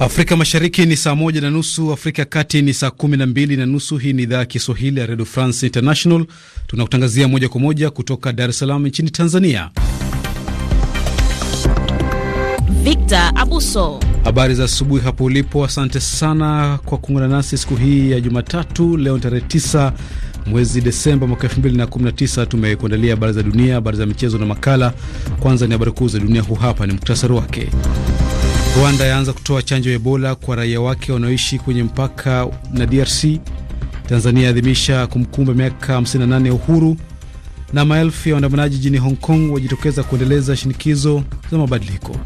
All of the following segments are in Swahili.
Afrika Mashariki ni saa moja na nusu, Afrika ya Kati ni saa kumi na mbili na nusu. Hii ni idhaa ya Kiswahili ya Redio France International, tunakutangazia moja kwa moja kutoka Dar es Salaam nchini Tanzania. Victor Abuso, habari za asubuhi hapo ulipo. Asante sana kwa kuungana nasi siku hii ya Jumatatu. Leo tarehe 9 mwezi Desemba mwaka 2019. Tumekuandalia habari za dunia, habari za michezo na makala. Kwanza ni habari kuu za dunia, huu hapa ni muktasari wake. Rwanda yaanza kutoa chanjo ya Ebola kwa raia wake wanaoishi kwenye mpaka na DRC. Tanzania yaadhimisha kumkumba miaka 58 ya uhuru, na maelfu ya waandamanaji jijini Hong Kong wajitokeza kuendeleza shinikizo za mabadiliko.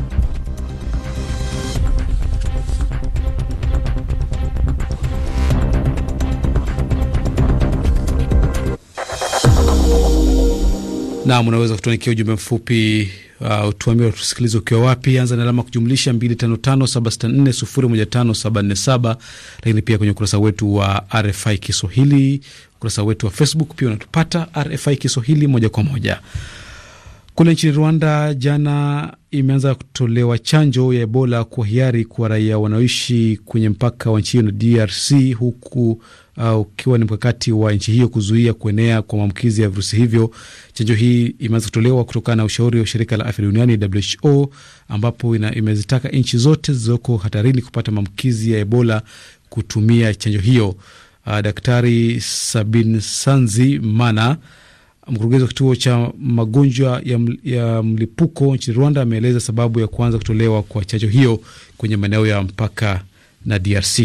Nam, unaweza kutuanikia ujumbe mfupi Uh, tuambie tusikilize ukiwa wapi, anza na alama kujumlisha 255764015747, lakini pia kwenye ukurasa wetu wa RFI Kiswahili, ukurasa wetu wa Facebook pia unatupata RFI Kiswahili moja kwa moja. Kule nchini Rwanda jana imeanza kutolewa chanjo ya Ebola kwa hiari kwa raia wanaoishi kwenye mpaka wa nchi hiyo na DRC huku uh, ukiwa ni mkakati wa nchi hiyo kuzuia kuenea kwa maambukizi ya virusi hivyo. Chanjo hii imeanza kutolewa kutokana na ushauri wa shirika la afya duniani WHO, ambapo imezitaka nchi zote zilizoko hatarini kupata maambukizi ya Ebola kutumia chanjo hiyo. Uh, Daktari Sabin Sanzi Mana, mkurugenzi wa kituo cha magonjwa ya, ya mlipuko nchini Rwanda, ameeleza sababu ya kuanza kutolewa kwa chanjo hiyo kwenye maeneo ya mpaka na DRC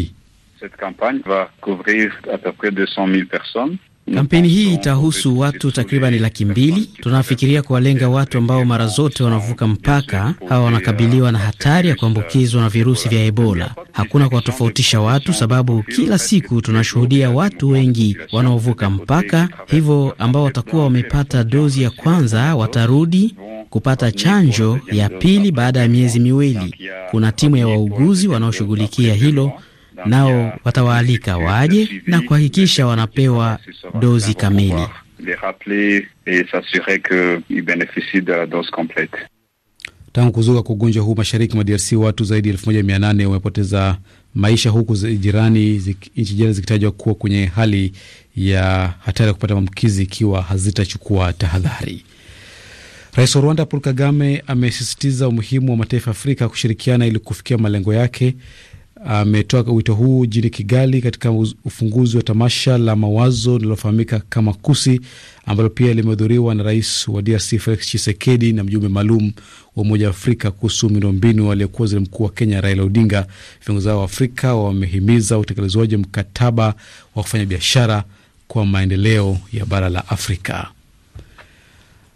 cette campagne va couvrir à peu près 200 000 personnes. Kampeni hii itahusu watu takribani laki mbili. Tunafikiria kuwalenga watu ambao mara zote wanavuka mpaka. Hawa wanakabiliwa na euh, hatari ya kuambukizwa na virusi vya Ebola. Hakuna kuwatofautisha watu, sababu kila siku tunashuhudia watu wengi wanaovuka mpaka. Hivyo ambao watakuwa wamepata dozi ya kwanza watarudi kupata chanjo ya pili baada ya miezi miwili. Kuna timu ya wauguzi wanaoshughulikia hilo nao watawaalika waje na kuhakikisha wanapewa dozi kamili. Tangu kuzuka kwa ugonjwa huu mashariki mwa DRC, watu zaidi ya elfu moja mia nane wamepoteza maisha, huku jirani nchi jirani zikitajwa kuwa kwenye hali ya hatari ya kupata maambukizi ikiwa hazitachukua tahadhari. Rais wa Rwanda Paul Kagame amesisitiza umuhimu wa mataifa ya Afrika kushirikiana ili kufikia malengo yake ametoa wito huu jini Kigali katika ufunguzi wa tamasha la mawazo linalofahamika kama KUSI ambalo pia limehudhuriwa na rais wa DRC Felix chisekedi na mjumbe maalum wa Umoja wa Afrika kuhusu miundombinu aliyekuwa waziri mkuu wa Kenya Raila Odinga. Viongozi hao wa Afrika wamehimiza utekelezwaji mkataba wa kufanya biashara kwa maendeleo ya bara la Afrika.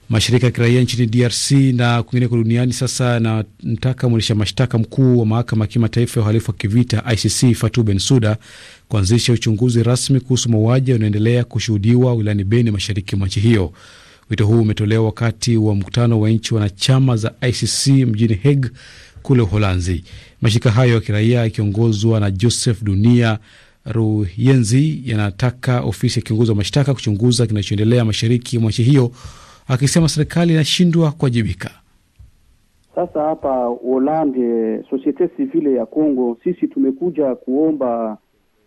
Mashirika ya kiraia nchini DRC na kwingineko duniani sasa yanamtaka mwendesha mashtaka mkuu wa mahakama ya kimataifa ya uhalifu wa kivita ICC Ben Suda kuanzisha uchunguzi rasmi kuhusu mauaji yanayoendelea kushuhudiwa wilayani Beni, mashariki mwa nchi hiyo. Wito huu umetolewa wakati wa mkutano wa nchi wanachama za ICC mjini Hague kule Uholanzi. Mashirika hayo ya kiraia yakiongozwa na Joseph Dunia Ruyenzi yanataka ofisi ya kiongozi wa mashtaka kuchunguza kinachoendelea mashariki mwa nchi hiyo akisema serikali inashindwa kuwajibika. Sasa hapa Holande, Societe Civile ya Congo, sisi tumekuja kuomba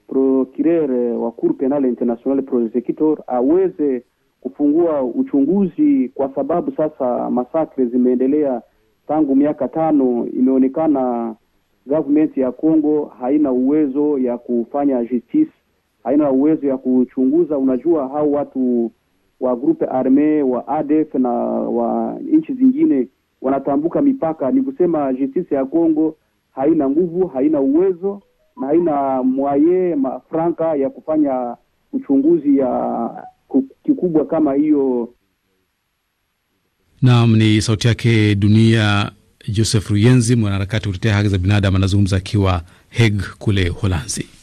procureur wa Cour Penale International prosecutor aweze kufungua uchunguzi, kwa sababu sasa masakre zimeendelea tangu miaka tano. Imeonekana government ya Congo haina uwezo ya kufanya justice, haina uwezo ya kuchunguza. Unajua hao watu wa grupe arme wa ADF na wa nchi zingine wanatambuka mipaka. Ni kusema justice ya Kongo haina nguvu, haina uwezo na haina mwaye mafranka ya kufanya uchunguzi ya kikubwa kama hiyo. Naam, ni sauti yake Dunia Joseph Ruyenzi, mwanaharakati kutetea haki za binadamu, anazungumza akiwa Hague kule Holanzi.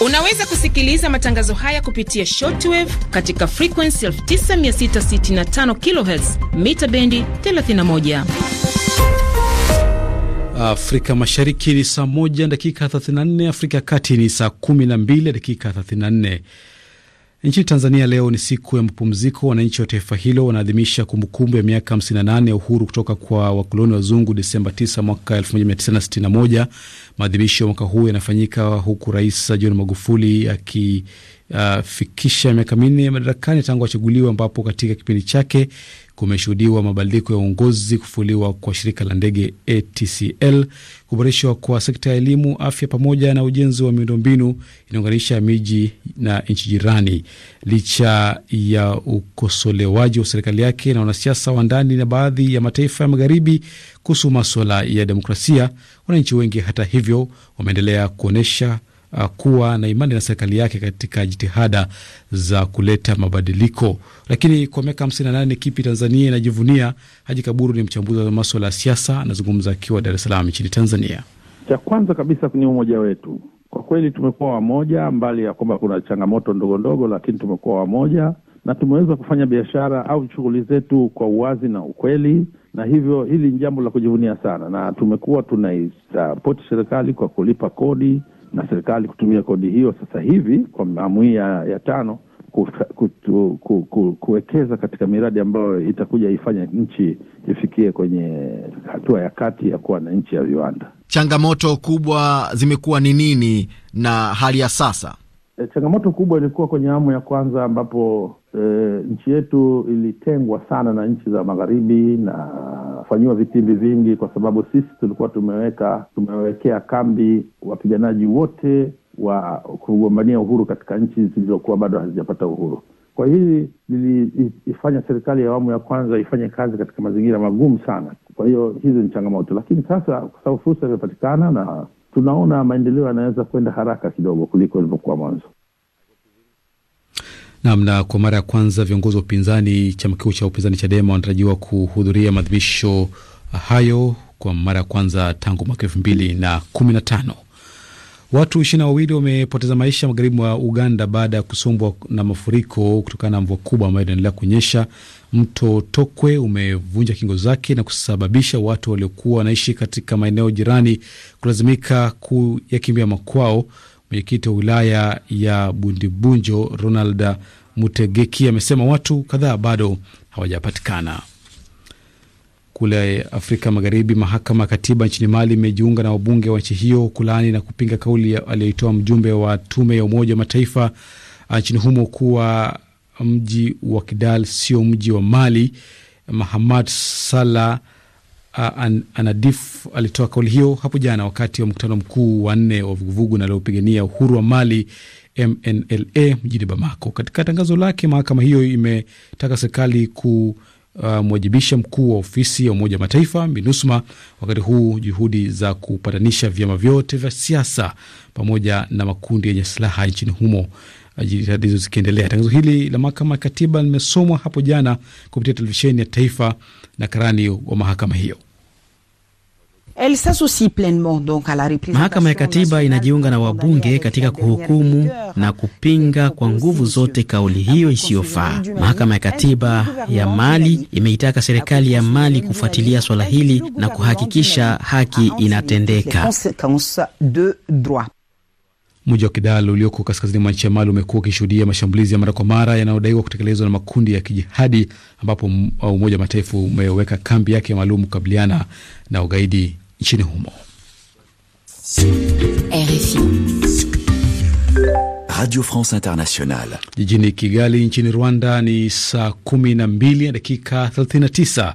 Unaweza kusikiliza matangazo haya kupitia shortwave katika frequency 9665 kHz mita bendi 31. Afrika Mashariki ni saa 1 dakika 34, Afrika Kati ni saa 12 dakika 34. Nchini Tanzania leo ni siku ya mapumziko. Wananchi wa taifa hilo wanaadhimisha kumbukumbu ya miaka 58 ya uhuru kutoka kwa wakoloni wazungu Desemba 9 mwaka 1961. Maadhimisho ya mwaka huu yanafanyika huku Rais John Magufuli akifikisha uh, miaka minne madarakani tangu achaguliwe, ambapo katika kipindi chake kumeshuhudiwa mabadiliko ya uongozi, kufuliwa kwa shirika la ndege ATCL, kuboreshwa kwa sekta ya elimu, afya, pamoja na ujenzi wa miundombinu inaunganisha miji na nchi jirani. Licha ya ukosolewaji wa serikali yake na wanasiasa wa ndani na baadhi ya mataifa ya magharibi kuhusu maswala ya demokrasia, wananchi wengi hata hivyo wameendelea kuonyesha uh, kuwa na imani na serikali yake katika jitihada za kuleta mabadiliko. Lakini kwa miaka hamsini na nane kipi Tanzania inajivunia? Haji Kaburu ni mchambuzi wa maswala ya siasa, anazungumza akiwa Dar es Salaam nchini Tanzania. Cha kwanza kabisa ni umoja wetu. Kwa kweli tumekuwa wamoja, mbali ya kwamba kuna changamoto ndogo ndogo, lakini tumekuwa wamoja na tumeweza kufanya biashara au shughuli zetu kwa uwazi na ukweli, na hivyo hili ni jambo la kujivunia sana, na tumekuwa tunaisapoti serikali kwa kulipa kodi na serikali kutumia kodi hiyo sasa hivi kwa maamuia hii ya, ya tano kutu, ku, ku, kuwekeza katika miradi ambayo itakuja ifanye nchi ifikie kwenye hatua ya kati ya kuwa na nchi ya viwanda. Changamoto kubwa zimekuwa ni nini na hali ya sasa? E, changamoto kubwa ilikuwa kwenye awamu ya kwanza ambapo e, nchi yetu ilitengwa sana na nchi za magharibi na fanyiwa vitimbi vingi, kwa sababu sisi tulikuwa tumeweka tumewekea kambi wapiganaji wote wa kugombania uhuru katika nchi zilizokuwa bado hazijapata uhuru. Kwa hili liliifanya serikali ya awamu ya kwanza ifanye kazi katika mazingira magumu sana. Kwa hiyo hizi ni changamoto, lakini sasa kwa sababu fursa imepatikana na tunaona maendeleo yanaweza kwenda haraka kidogo kuliko ilivyokuwa mwanzo. Naam. Na kwa mara ya kwanza viongozi wa upinzani, chama kikuu cha upinzani Chadema wanatarajiwa kuhudhuria maadhimisho hayo kwa mara ya kwanza tangu mwaka elfu mbili na kumi na tano. Watu ishirini na wawili wamepoteza maisha magharibi mwa Uganda baada ya kusombwa na mafuriko kutokana na mvua kubwa ambayo inaendelea kunyesha. Mto Tokwe umevunja kingo zake na kusababisha watu waliokuwa wanaishi katika maeneo jirani kulazimika kuyakimbia makwao. Mwenyekiti wa wilaya ya Bundibunjo Ronald Mutegeki amesema watu kadhaa bado hawajapatikana. Kule Afrika Magharibi, mahakama ya katiba nchini Mali imejiunga na wabunge wa nchi hiyo kulaani na kupinga kauli aliyoitoa mjumbe wa tume ya Umoja wa Mataifa ah, nchini humo kuwa mji wa Kidal sio mji wa Mali. Mahamad Salah ah, Anadif alitoa kauli hiyo hapo jana wakati wa mkutano mkuu wa nne wa vuguvugu linalopigania uhuru wa Mali MNLA mjini Bamako. Katika tangazo lake, mahakama hiyo imetaka serikali ku uh, mwajibisha mkuu wa ofisi ya Umoja wa Mataifa MINUSMA wakati huu juhudi za kupatanisha vyama vyote vya siasa pamoja na makundi yenye silaha nchini humo jitihadi hizo zikiendelea. Tangazo hili la mahakama ya katiba limesomwa hapo jana kupitia televisheni ya taifa na karani wa mahakama hiyo. Mahakama ya Katiba inajiunga na wabunge katika kuhukumu na kupinga kwa nguvu zote kauli hiyo isiyofaa. Mahakama ya Katiba ya Mali imeitaka serikali ya Mali kufuatilia swala hili na kuhakikisha haki inatendeka. Mji wa Kidal ulioko kaskazini mwa nchi ya Mali umekuwa ukishuhudia mashambulizi ya mara kwa mara yanayodaiwa kutekelezwa na makundi ya kijihadi, ambapo Umoja wa Mataifa umeweka kambi yake maalum kukabiliana na ugaidi nchini humo. RFI Radio France jijini Kigali nchini Rwanda ni saa kumi na dakika 39.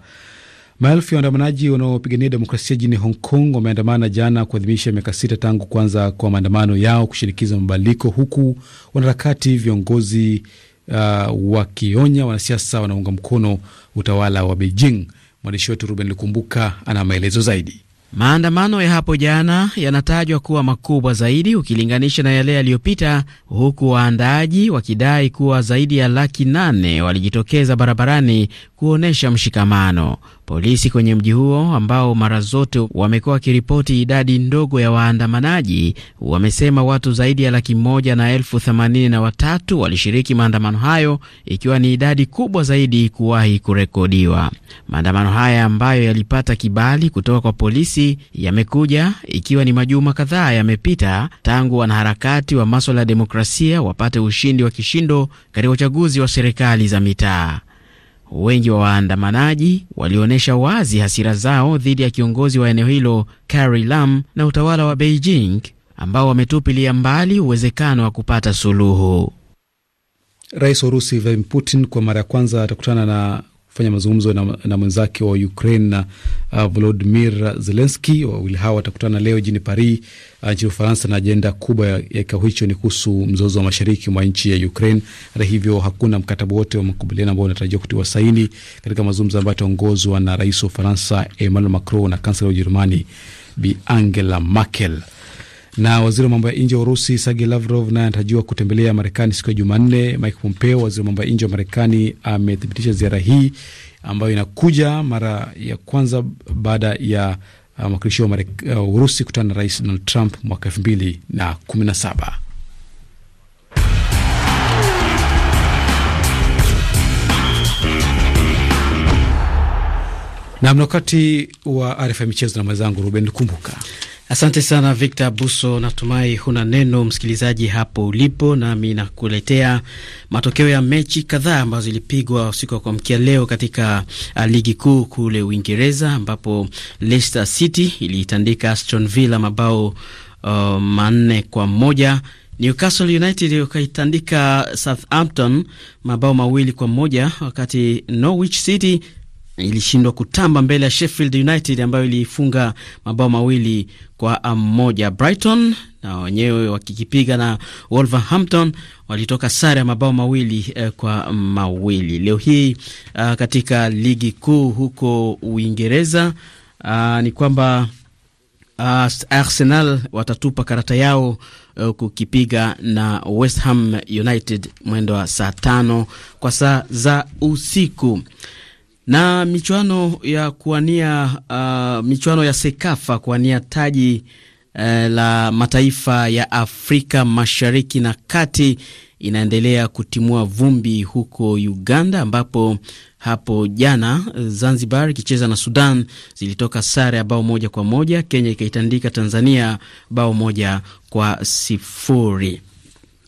Maelfu ya waandamanaji wanaopigania demokrasia jijini Hong Kong wameandamana jana kuadhimisha miaka sita tangu kuanza kwa maandamano yao kushinikiza mabadiliko, huku wanaharakati viongozi uh, wakionya wanasiasa wanaunga mkono utawala wa Beijing. Mwandishi wetu Ruben Lukumbuka ana maelezo zaidi. Maandamano ya hapo jana yanatajwa kuwa makubwa zaidi ukilinganisha na yale yaliyopita, huku waandaaji wakidai kuwa zaidi ya laki nane walijitokeza barabarani kuonyesha mshikamano. Polisi kwenye mji huo ambao mara zote wamekuwa wakiripoti idadi ndogo ya waandamanaji wamesema watu zaidi ya laki moja na elfu themanini na watatu walishiriki maandamano hayo, ikiwa ni idadi kubwa zaidi kuwahi kurekodiwa. Maandamano haya ambayo yalipata kibali kutoka kwa polisi yamekuja ikiwa ni majuma kadhaa yamepita tangu wanaharakati wa maswala ya demokrasia wapate ushindi wa kishindo katika uchaguzi wa serikali za mitaa. Wengi wa waandamanaji walionyesha wazi hasira zao dhidi ya kiongozi wa eneo hilo Carrie Lam na utawala wa Beijing ambao wametupilia mbali uwezekano wa kupata suluhu. Rais wa Urusi Vladimir Putin kwa mara ya kwanza atakutana na kufanya mazungumzo na, na mwenzake wa Ukraine na uh, Volodimir Zelenski. Wawili hawa watakutana leo jini Paris uh, nchini Ufaransa, na ajenda kubwa ya, ya kikao hicho ni kuhusu mzozo wa mashariki mwa nchi ya Ukraine. Hata hivyo, hakuna mkataba wote wa makubaliano ambao unatarajiwa kutiwa saini katika mazungumzo ambayo yataongozwa na rais wa Ufaransa Emmanuel Macron na kansela wa Ujerumani Bi Angela Merkel. Na waziri wa mambo ya nje wa Urusi Sergey Lavrov naye anatarajiwa kutembelea Marekani siku ya Jumanne. Mike Pompeo, waziri wa mambo ya nje wa Marekani, amethibitisha ziara hii ambayo inakuja mara ya kwanza baada ya uh, mwakilishi wa uh, Urusi kutana na rais Donald Trump mwaka elfu mbili na kumi na saba. Namna wakati wa arifa ya michezo na mwenzangu Ruben Kumbuka. Asante sana Victor Buso, natumai huna neno msikilizaji hapo ulipo, nami nakuletea matokeo ya mechi kadhaa ambazo zilipigwa usiku wa kuamkia leo katika uh, ligi kuu kule Uingereza, ambapo Leicester City iliitandika Aston Villa mabao uh, manne kwa moja. Newcastle United ikaitandika Southampton mabao mawili kwa moja, wakati Norwich City ilishindwa kutamba mbele ya Sheffield United ambayo iliifunga mabao mawili kwa mmoja. Brighton na wenyewe wakikipiga na Wolverhampton walitoka sare ya mabao mawili eh, kwa mawili. Leo hii uh, katika ligi kuu huko Uingereza uh, ni kwamba Uh, Arsenal watatupa karata yao uh, kukipiga na West Ham United mwendo wa saa tano kwa saa za usiku. Na michuano ya kuania uh, michuano ya Sekafa kuania taji uh, la mataifa ya Afrika Mashariki na Kati inaendelea kutimua vumbi huko Uganda, ambapo hapo jana Zanzibar ikicheza na Sudan zilitoka sare ya bao moja kwa moja. Kenya ikaitandika Tanzania bao moja kwa sifuri.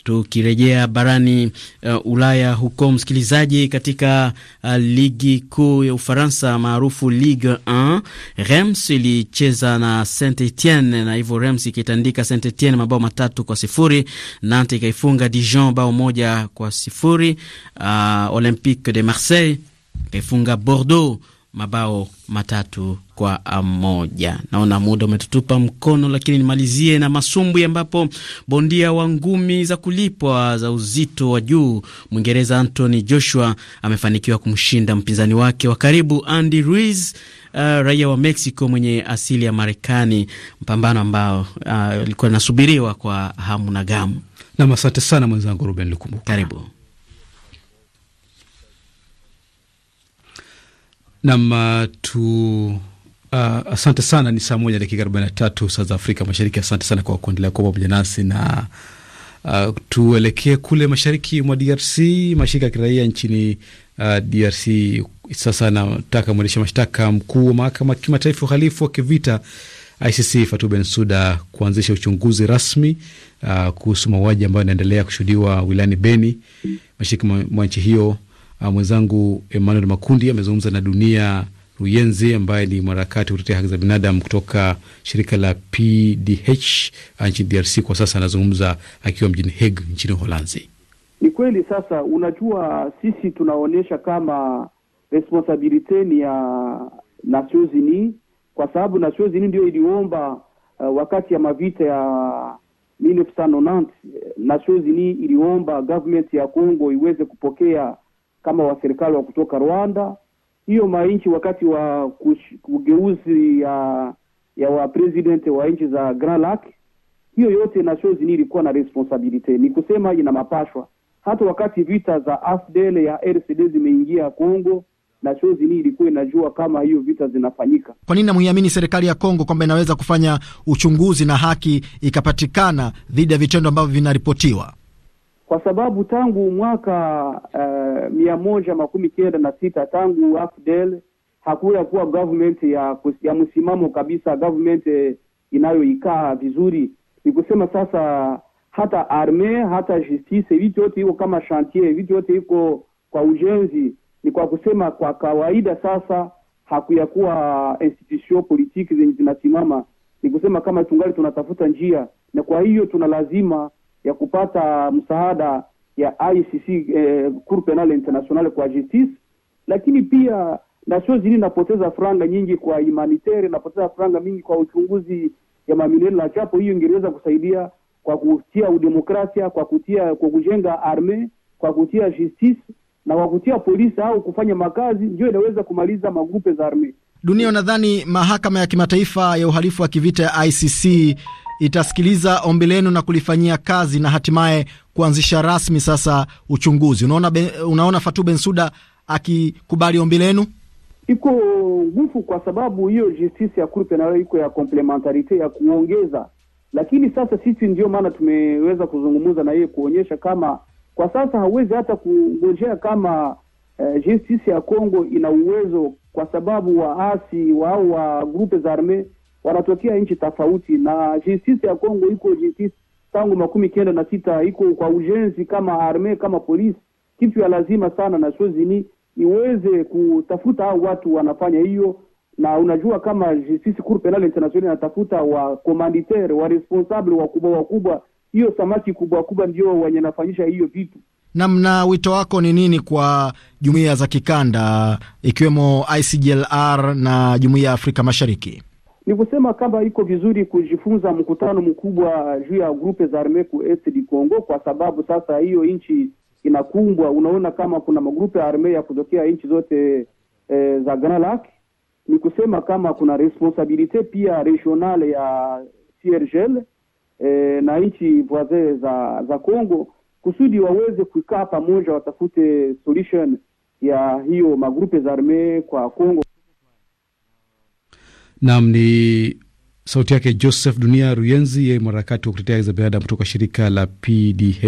Tukirejea barani uh, Ulaya huko, msikilizaji, katika uh, ligi kuu ya Ufaransa maarufu Ligue 1, rems ilicheza na Saint Etienne na hivyo rems ikitandika Saint Etienne mabao matatu kwa sifuri. Nantes ikaifunga Dijon bao moja kwa sifuri. Uh, Olympique de Marseille ikaifunga Bordeaux mabao matatu kwa moja. Naona muda umetutupa mkono, lakini nimalizie na masumbwi ambapo bondia wa ngumi za kulipwa za uzito wa juu Mwingereza Anthony Joshua amefanikiwa kumshinda mpinzani wake wa karibu Andy Ruiz, uh, raia wa Mexico mwenye asili ya Marekani, mpambano ambao uh, ulikuwa uh, inasubiriwa kwa hamu na gamu. Nam, asante sana mwenzangu Ruben Lukumbuka. Karibu. Nam uh, tu uh, asante sana. Ni saa moja dakika arobaini na tatu saa za Afrika Mashariki. Asante sana kwa kuendelea kuwa pamoja nasi na uh, tuelekee kule mashariki mwa DRC. Mashirika ya kiraia nchini uh, DRC sasa anataka mwendesha mashtaka mkuu wa mahakama kimataifa uhalifu wa kivita ICC Fatou Bensouda kuanzisha uchunguzi rasmi uh, kuhusu mauaji ambayo yanaendelea kushuhudiwa wilayani Beni, mashariki mwa nchi hiyo Uh, mwenzangu Emmanuel Makundi amezungumza na Dunia Ruyenzi ambaye ni mwanaharakati wa kutetea haki za binadamu kutoka shirika la PDH ah, nchini DRC. Kwa sasa anazungumza akiwa mjini Hague nchini Uholanzi. Ni kweli sasa, unajua sisi tunaonyesha kama responsabilite ni ya Nations Unies kwa sababu Nations Unies ndio iliomba uh, wakati ya mavita ya 1990 eh, Nations Unies iliomba government ya Congo iweze kupokea kama waserikali wa kutoka Rwanda. Hiyo manchi wakati wa kugeuzi ya ya wa president wa nchi za Grand Lac, hiyo yote Nations ni ilikuwa na responsibility, ni kusema ina mapashwa. Hata wakati vita za AFDL ya RCD zimeingia Kongo, Nations ni ilikuwa inajua kama hiyo vita zinafanyika. Kwa nini namuiamini serikali ya Kongo kwamba inaweza kufanya uchunguzi na haki ikapatikana dhidi ya vitendo ambavyo vinaripotiwa? kwa sababu tangu mwaka uh, mia moja makumi kenda na sita tangu afdel hakuya kuwa government ya, ya msimamo kabisa, government eh, inayoikaa vizuri. Ni kusema sasa hata arme hata justice vitu yote iko kama chantier, vitu yote iko kwa ujenzi. Ni kwa kusema kwa kawaida sasa hakuya kuwa institution politiki zenye zinasimama. Ni kusema kama tungali tunatafuta njia, na kwa hiyo tuna lazima ya kupata msaada ya ICC eh, Cour Penal International kwa justice, lakini pia nations zili napoteza franga nyingi kwa humanitarian, napoteza franga mingi kwa uchunguzi ya mamilioni na chapo hiyo ingeweza kusaidia kwa kutia udemokrasia, kwa kutia kwa kujenga arme, kwa kutia justice na kwa kutia polisi au kufanya makazi, ndio inaweza kumaliza magrupe za armee dunia, unadhani mahakama ya kimataifa ya uhalifu wa kivita ya ICC itasikiliza ombi lenu na kulifanyia kazi na hatimaye kuanzisha rasmi sasa uchunguzi? Unaona, unaona Fatu Bensuda akikubali ombi lenu iko nguvu kwa sababu hiyo justice ya kurpe nayo iko ya komplementarite ya kuongeza. Lakini sasa sisi ndio maana tumeweza kuzungumza na yeye kuonyesha kama kwa sasa hawezi hata kungojea kama uh, justice ya Kongo ina uwezo kwa sababu waasi au wa grupe za arme wanatokea nchi tofauti, na justice ya Kongo iko justice tangu makumi kenda na sita iko kwa ujenzi kama arme kama polisi, kitu ya lazima sana na shozini iweze kutafuta hao watu wanafanya hiyo, na unajua kama justice cour penal international inatafuta wa commanditaire wa responsable wakubwa wakubwa, hiyo samaki kubwa kubwa ndio wenye nafanyisha hiyo vitu namna wito wako ni nini kwa jumuiya za kikanda ikiwemo ICGLR na jumuiya ya Afrika Mashariki? Ni kusema kama iko vizuri kujifunza mkutano mkubwa juu ya grupe za Armeku Est di Congo, kwa sababu sasa hiyo nchi inakumbwa, unaona kama kuna magrupe ya arme ya kutokea nchi zote e, za Grand Lac. Ni kusema kama kuna responsabilite pia regional ya CIRGL e, eh, na nchi voisin za za Congo kusudi waweze kukaa pamoja, watafute solution ya hiyo magrupe za arme kwa Kongo. Naam, ni sauti yake Joseph Dunia Ruyenzi, yeye mwanaharakati wa kutetea haki za binadamu kutoka shirika la PDH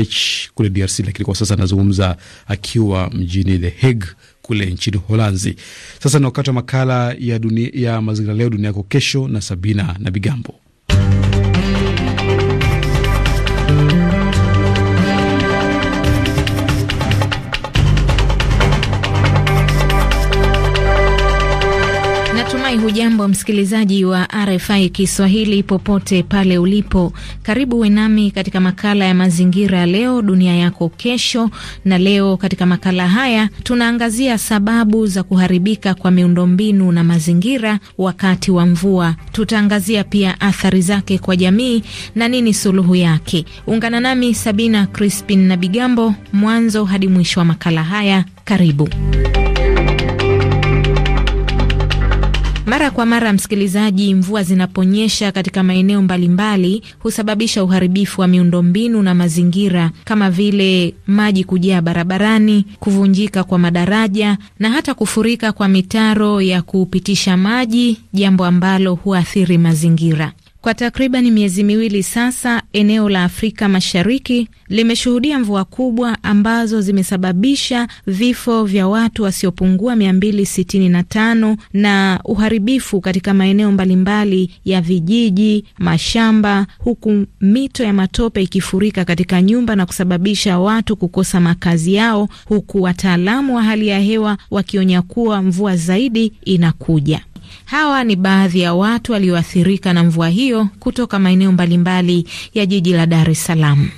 kule DRC, lakini kwa sasa anazungumza akiwa mjini The Hague kule nchini Holanzi. Sasa ni wakati wa makala ya, ya mazingira leo dunia yako kesho na Sabina na Bigambo. Natumai hujambo msikilizaji wa RFI Kiswahili popote pale ulipo. Karibu wenami katika makala ya mazingira leo dunia yako kesho. Na leo katika makala haya tunaangazia sababu za kuharibika kwa miundombinu na mazingira wakati wa mvua. Tutaangazia pia athari zake kwa jamii na nini suluhu yake. Ungana nami Sabina Crispin na Bigambo mwanzo hadi mwisho wa makala haya. Karibu. Mara kwa mara, msikilizaji, mvua zinaponyesha katika maeneo mbalimbali husababisha uharibifu wa miundombinu na mazingira kama vile maji kujaa barabarani, kuvunjika kwa madaraja na hata kufurika kwa mitaro ya kupitisha maji, jambo ambalo huathiri mazingira. Kwa takriban miezi miwili sasa, eneo la Afrika Mashariki limeshuhudia mvua kubwa ambazo zimesababisha vifo vya watu wasiopungua 265 na uharibifu katika maeneo mbalimbali ya vijiji, mashamba, huku mito ya matope ikifurika katika nyumba na kusababisha watu kukosa makazi yao, huku wataalamu wa hali ya hewa wakionya kuwa mvua zaidi inakuja. Hawa ni baadhi ya watu walioathirika na mvua hiyo kutoka maeneo mbalimbali ya jiji la Dar es Salaam.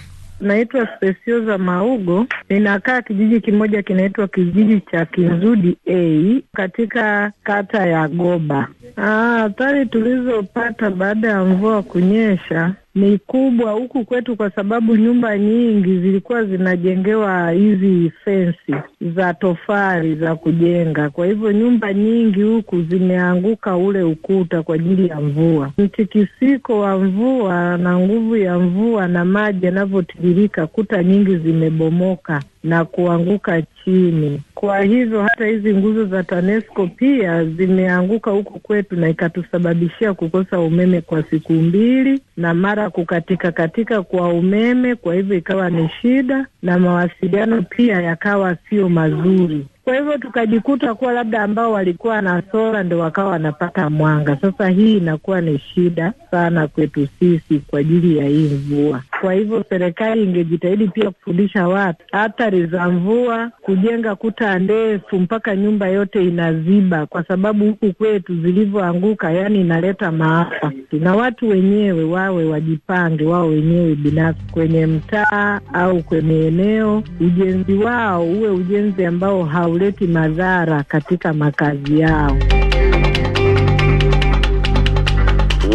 Naitwa Spesioza Maugo, ninakaa kijiji kimoja kinaitwa kijiji cha Kinzudi A katika kata ya Goba. Ah, athari tulizopata baada ya mvua kunyesha ni kubwa huku kwetu, kwa sababu nyumba nyingi zilikuwa zinajengewa hizi fensi za tofali za kujenga. Kwa hivyo nyumba nyingi huku zimeanguka ule ukuta kwa ajili ya mvua, mtikisiko wa mvua na nguvu ya mvua na maji yanavyotiririka, kuta nyingi zimebomoka na kuanguka chini. Kwa hivyo hata hizi nguzo za TANESCO pia zimeanguka huku kwetu, na ikatusababishia kukosa umeme kwa siku mbili, na mara kukatika katika kwa umeme. Kwa hivyo ikawa ni shida, na mawasiliano pia yakawa sio mazuri. Kwa hivyo tukajikuta kuwa labda ambao walikuwa na sola ndo wakawa wanapata mwanga. Sasa hii inakuwa ni shida sana kwetu sisi kwa ajili ya hii mvua. Kwa hivyo serikali ingejitahidi pia kufundisha watu athari za mvua, kujenga kuta ndefu mpaka nyumba yote inaziba, kwa sababu huku kwetu zilivyoanguka, yaani inaleta maafa, na watu wenyewe wawe wajipange wao wenyewe binafsi kwenye mtaa au kwenye eneo, ujenzi wao uwe ujenzi ambao hauleti madhara katika makazi yao.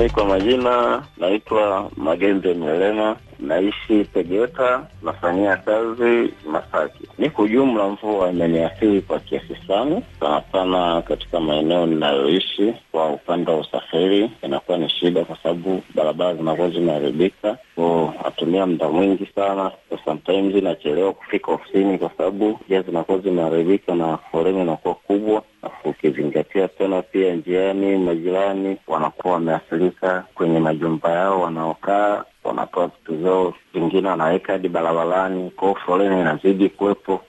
Mi kwa majina naitwa Magenze Melema, naishi Tegeta, nafanyia kazi Masaki. Ni kwa ujumla, mvua imeniathiri kwa kiasi sana, sana sana katika maeneo ninayoishi. Kwa upande wa usafiri inakuwa ni shida, kwa sababu barabara zinakuwa zimeharibika, so natumia muda mwingi sana, so sometimes inachelewa kufika ofisini kwa sababu njia zinakuwa zimeharibika na foleni inakuwa kubwa, ukizingatia tena pia njiani majirani wanakuwa wameathirika kwenye majumba yao wanaokaa wanatoa vitu zao, vingine wanaweka hadi barabarani, ko foleni inazidi kuwepo.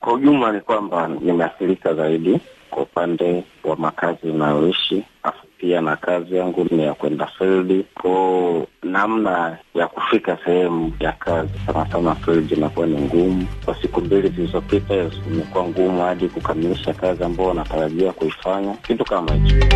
Kwa ujumla ni kwamba nimeathirika zaidi kwa upande wa makazi inayoishi afu pia na kazi yangu ni ya kwenda field, ko namna ya kufika sehemu ya kazi sana sana field inakuwa ni ngumu. Kwa siku mbili zilizopita imekuwa ngumu hadi kukamilisha kazi ambayo wanatarajia kuifanya, kitu kama hicho.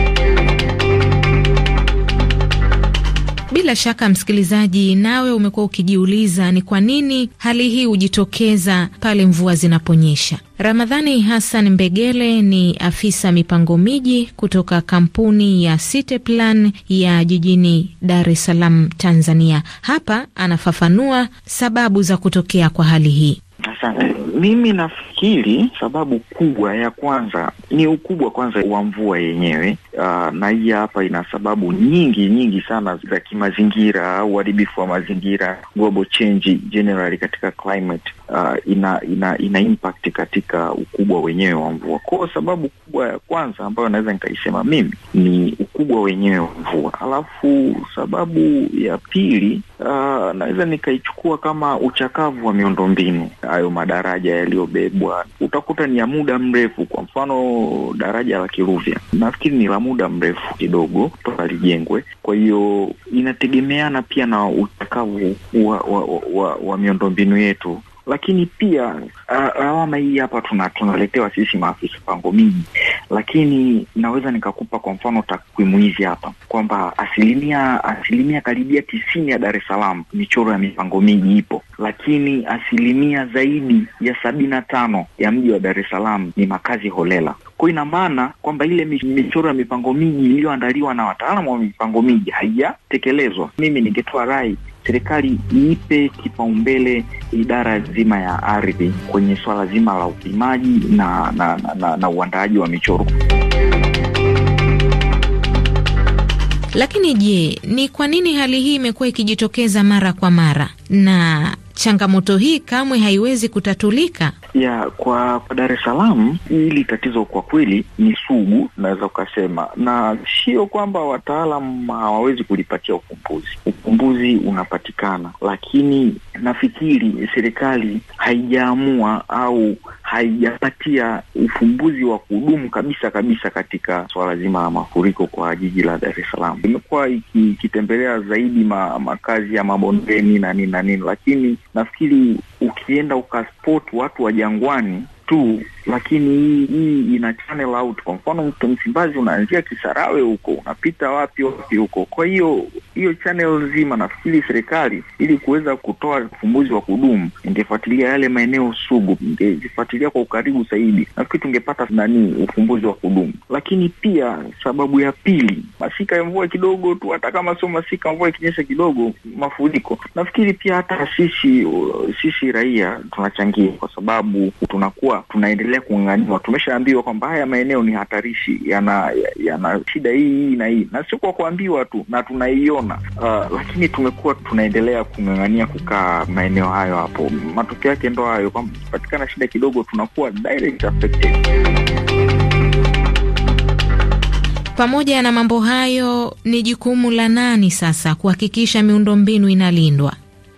Bila shaka msikilizaji, nawe umekuwa ukijiuliza ni kwa nini hali hii hujitokeza pale mvua zinaponyesha. Ramadhani Hassan Mbegele ni afisa mipango miji kutoka kampuni ya Citeplan ya jijini Dar es Salaam, Tanzania. Hapa anafafanua sababu za kutokea kwa hali hii sana. Mimi nafikiri sababu kubwa ya kwanza ni ukubwa kwanza wa mvua yenyewe. Aa, ah, na hii hapa ina sababu nyingi nyingi sana za kimazingira, uharibifu wa mazingira, global change generally katika climate uh, ina, ina ina impact katika ukubwa wenyewe wa mvua. Kwa sababu kubwa ya kwanza ambayo naweza nikaisema mimi ni ukubwa wenyewe wa mvua, alafu sababu ya pili uh, naweza nikaichukua kama uchakavu wa miundombinu. Hayo madaraja yaliyobebwa utakuta ni ya muda mrefu. Kwa mfano daraja la kiruvya nafikiri ni la muda mrefu kidogo toka lijengwe, kwa hiyo inategemeana pia na uchakavu wa, wa, wa, wa, wa miundombinu yetu lakini pia ah, lawama hii hapa tuna, tunaletewa sisi maafisa pango mingi, lakini naweza nikakupa kwa mfano takwimu hizi hapa kwamba asilimia asilimia karibia tisini ya Dar es Salaam michoro ya mipango miji ipo, lakini asilimia zaidi ya sabini na tano ya mji wa Dar es Salaam ni makazi holela. Kwa ina maana kwamba ile michoro ya mipango miji iliyoandaliwa na wataalamu wa mipango miji haijatekelezwa. Mimi ningetoa rai serikali iipe kipaumbele idara zima ya ardhi kwenye swala zima la upimaji na, na, na, na, na uandaaji wa michoro. Lakini je, ni kwa nini hali hii imekuwa ikijitokeza mara kwa mara na changamoto hii kamwe haiwezi kutatulika ya kwa Dar es Salaam. Hili tatizo kwa kweli ni sugu, naweza ukasema, na sio kwamba wataalam hawawezi kulipatia ufumbuzi. Ufumbuzi unapatikana, lakini nafikiri serikali haijaamua au haijapatia ufumbuzi wa kudumu kabisa kabisa katika swala zima la mafuriko kwa jiji la Dar es Salaam. Imekuwa ikitembelea zaidi ma, makazi ya mabondeni na nini na nini, lakini nafikiri ukienda ukaspot watu wa jangwani tu lakini hii hii ina channel out. Kwa mfano mtu Msimbazi unaanzia Kisarawe huko unapita wapi wapi huko. Kwa hiyo hiyo channel nzima, nafikiri serikali ili kuweza kutoa ufumbuzi wa kudumu ingefuatilia yale maeneo sugu, ingezifuatilia kwa ukaribu zaidi, nafikiri tungepata nani ufumbuzi wa kudumu. Lakini pia sababu ya pili, masika ya mvua kidogo tu, hata kama sio masika, mvua ikinyesha kidogo, mafuriko. Nafikiri pia hata sisi sisi raia tunachangia, kwa sababu tunakuwa tunaendelea tuendelee kung'ang'aniwa. Tumeshaambiwa kwamba haya maeneo ni hatarishi, yana yana shida hii na hii, na sio kwa kuambiwa tu, na tunaiona uh, lakini tumekuwa tunaendelea kung'ang'ania kukaa maeneo hayo hapo. Matokeo yake ndo hayo kwamba tukipatikana shida kidogo tunakuwa direct affected. Pamoja na mambo hayo, ni jukumu la nani sasa kuhakikisha miundombinu inalindwa?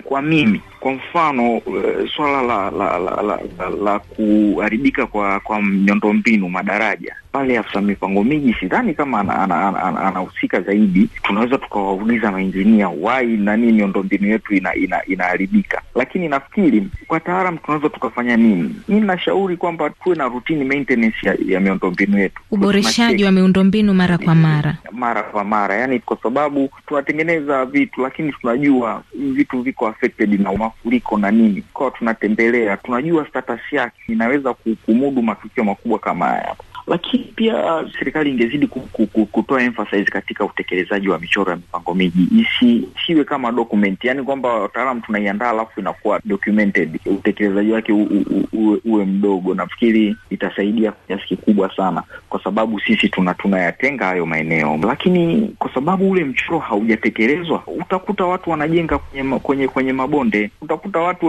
Kwa mimi kwa mfano eh, swala la la, la, la, la, la kuharibika kwa, kwa miundombinu madaraja pale afisa mipango miji sidhani kama anahusika zaidi. Tunaweza tukawauliza mainjinia wai na nini miundombinu yetu inaharibika ina, ina, lakini nafikiri taalam tunaweza tukafanya nini? Mi nashauri kwamba tuwe na routine maintenance ya, ya miundombinu yetu, uboreshaji wa miundombinu mara kwa eh, mara mara kwa mara, yani kwa sababu tunatengeneza vitu lakini tunajua vitu viko affected na mafuriko na nini, kwa tunatembelea tunajua status yake inaweza kumudu matukio makubwa kama haya lakini pia uh, serikali ingezidi kutoa emphasis katika utekelezaji wa michoro ya mipango miji, isi siwe kama document, yani kwamba wataalamu tunaiandaa alafu inakuwa documented, utekelezaji wake uwe mdogo. Nafikiri itasaidia kwa kiasi kikubwa sana, kwa sababu sisi tuna tunayatenga hayo maeneo, lakini kwa sababu ule mchoro haujatekelezwa, utakuta watu wanajenga kwenye kwenye, kwenye mabonde, utakuta watu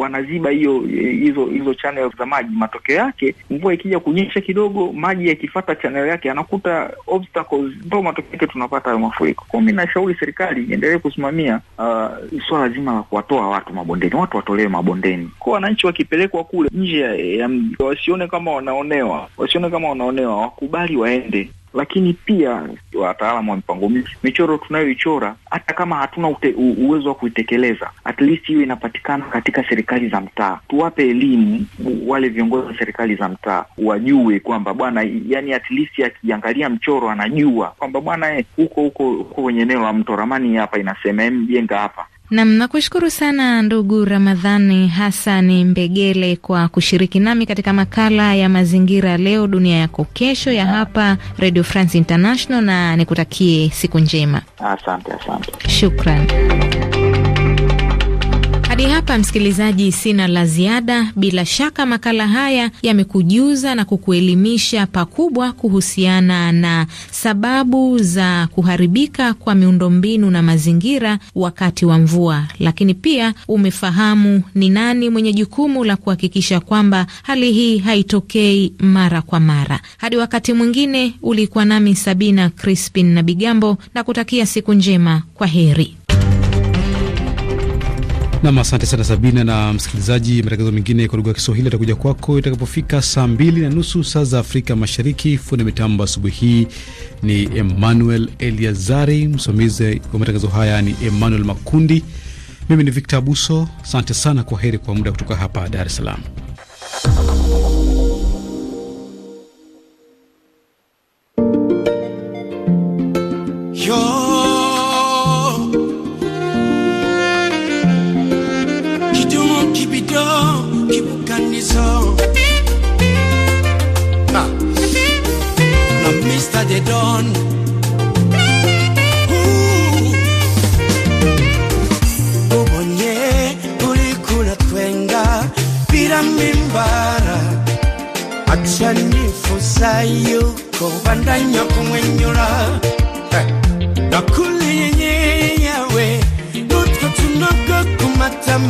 wanaziba hiyo hizo hizo channel za maji, matokeo yake mvua ikija kunyesha yake kidogo, maji yakifata channel yake anakuta obstacles, ndo matokeo yake tunapata hayo mafuriko. Kwa mi nashauri serikali iendelee kusimamia uh, swala zima la kuwatoa watu mabondeni, watu watolewe mabondeni. Kwa wananchi wakipelekwa kule nje ya mji, wasione kama wanaonewa, wasione kama wanaonewa, wakubali waende lakini pia wataalam wa mipango michoro tunayoichora, hata kama hatuna ute, u, uwezo wa kuitekeleza, at least hiyo inapatikana katika serikali za mtaa. Tuwape elimu wale viongozi wa serikali za mtaa, wajue kwamba bwana, yani at least akiangalia mchoro anajua kwamba bwana, eh, huko huko huko kwenye eneo la mto ramani hapa inasema mjenga hapa Nam, nakushukuru sana ndugu Ramadhani Hasani Mbegele kwa kushiriki nami katika makala ya mazingira leo dunia yako kesho ya hapa Radio France International, na nikutakie siku njema. Asante, asante, shukran. Hadi hapa msikilizaji, sina la ziada. Bila shaka makala haya yamekujuza na kukuelimisha pakubwa kuhusiana na sababu za kuharibika kwa miundombinu na mazingira wakati wa mvua, lakini pia umefahamu ni nani mwenye jukumu la kuhakikisha kwamba hali hii haitokei mara kwa mara. Hadi wakati mwingine, ulikuwa nami Sabina Crispin na Bigambo na kutakia siku njema. Kwa heri. Nam, asante sana Sabina na msikilizaji. Matangazo mengine kwa lugha ya Kiswahili atakuja kwako itakapofika saa mbili na nusu saa za Afrika Mashariki. Fundi mitambo asubuhi hii ni Emmanuel Eliazari, msimamizi wa matangazo haya ni Emmanuel Makundi, mimi ni Victor Abuso. Asante sana, kwa heri kwa muda kutoka hapa Dar es Salaam.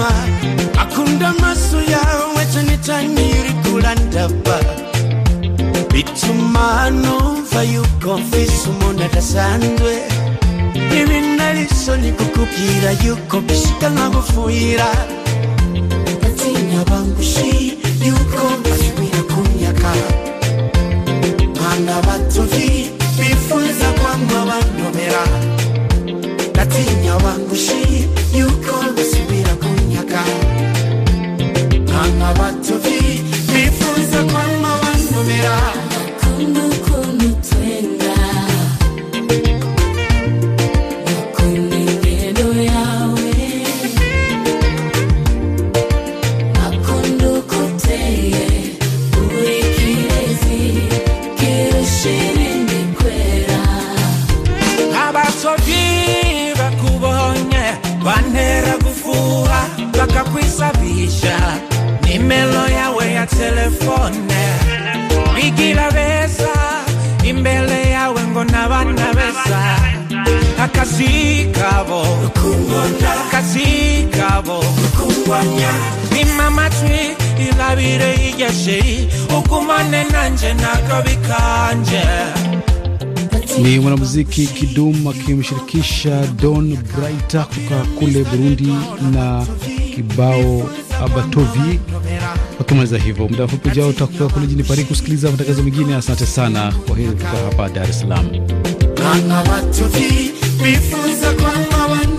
ndima akunda maso yawe chanitanyiri kulandaba bituma anomva yukofisu monatasandwe ivinalisoni kukupira yuko bisikanga kufuyira atinyavangushi yuko vasuwira kunyaka mana vatovi ulivyojira kuvonye, bantera gufuha bakakwisabisha nimero yawe ya telefone bigira beza imbere yawe ngo nabanabeza akazi kabo akazi kabo nimamatwi ilabire yigeshe ugumane nanje nako bikanje Ni mwanamuziki Kidum akimshirikisha Don Braita kutoka kule Burundi na kibao Abatovi wakimaliza hivyo. Muda mfupi ujao utakuwa kule jini Paris kusikiliza matangazo mengine. Asante sana, kwa heri kutoka hapa Dar es Salaam.